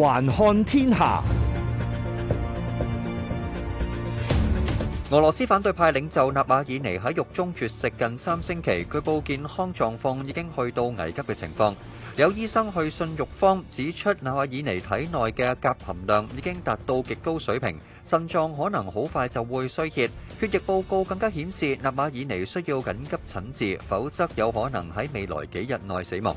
環看天下，俄羅斯反對派領袖納瓦爾尼喺獄中絕食近三星期，據報健康狀況已經去到危急嘅情況。有醫生去信獄方指出，納瓦爾尼體內嘅鉀含量已經達到極高水平，腎臟可能好快就會衰竭。血液報告更加顯示，納瓦爾尼需要緊急診治，否則有可能喺未來幾日內死亡。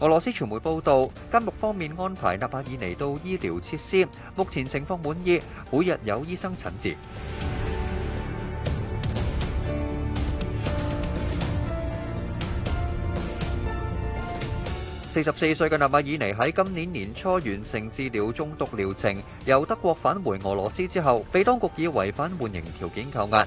俄羅斯傳媒報導，監獄方面安排納瓦爾尼到醫療設施，目前情況滿意，每日有醫生診治。四十四歲嘅納瓦爾尼喺今年年初完成治療中毒療程，由德國返回俄羅斯之後，被當局以違反緩刑條件扣押。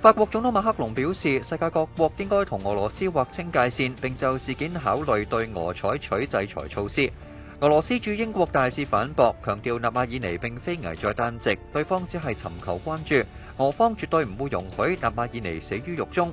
法國總統馬克龍表示，世界各國應該同俄羅斯劃清界線，並就事件考慮對俄採取制裁措施。俄羅斯駐英國大使反駁，強調納瓦爾尼並非危在旦夕，對方只係尋求關注，俄方絕對唔會容許納瓦爾尼死於獄中。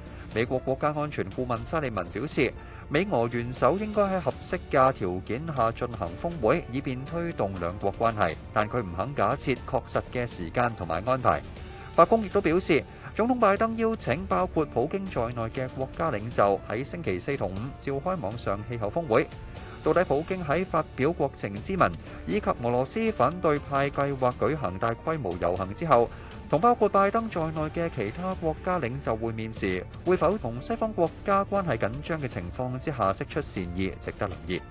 美國國家安全顧問沙利文表示，美俄元首應該喺合適嘅條件下進行峰會，以便推動兩國關係，但佢唔肯假設確實嘅時間同埋安排。白宮亦都表示，總統拜登邀請包括普京在內嘅國家領袖喺星期四同五召開網上氣候峰會。到底普京喺發表國情咨文，以及俄羅斯反對派計劃舉行大規模遊行之後，同包括拜登在內嘅其他國家領袖會面時，會否同西方國家關係緊張嘅情況之下釋出善意，值得留意。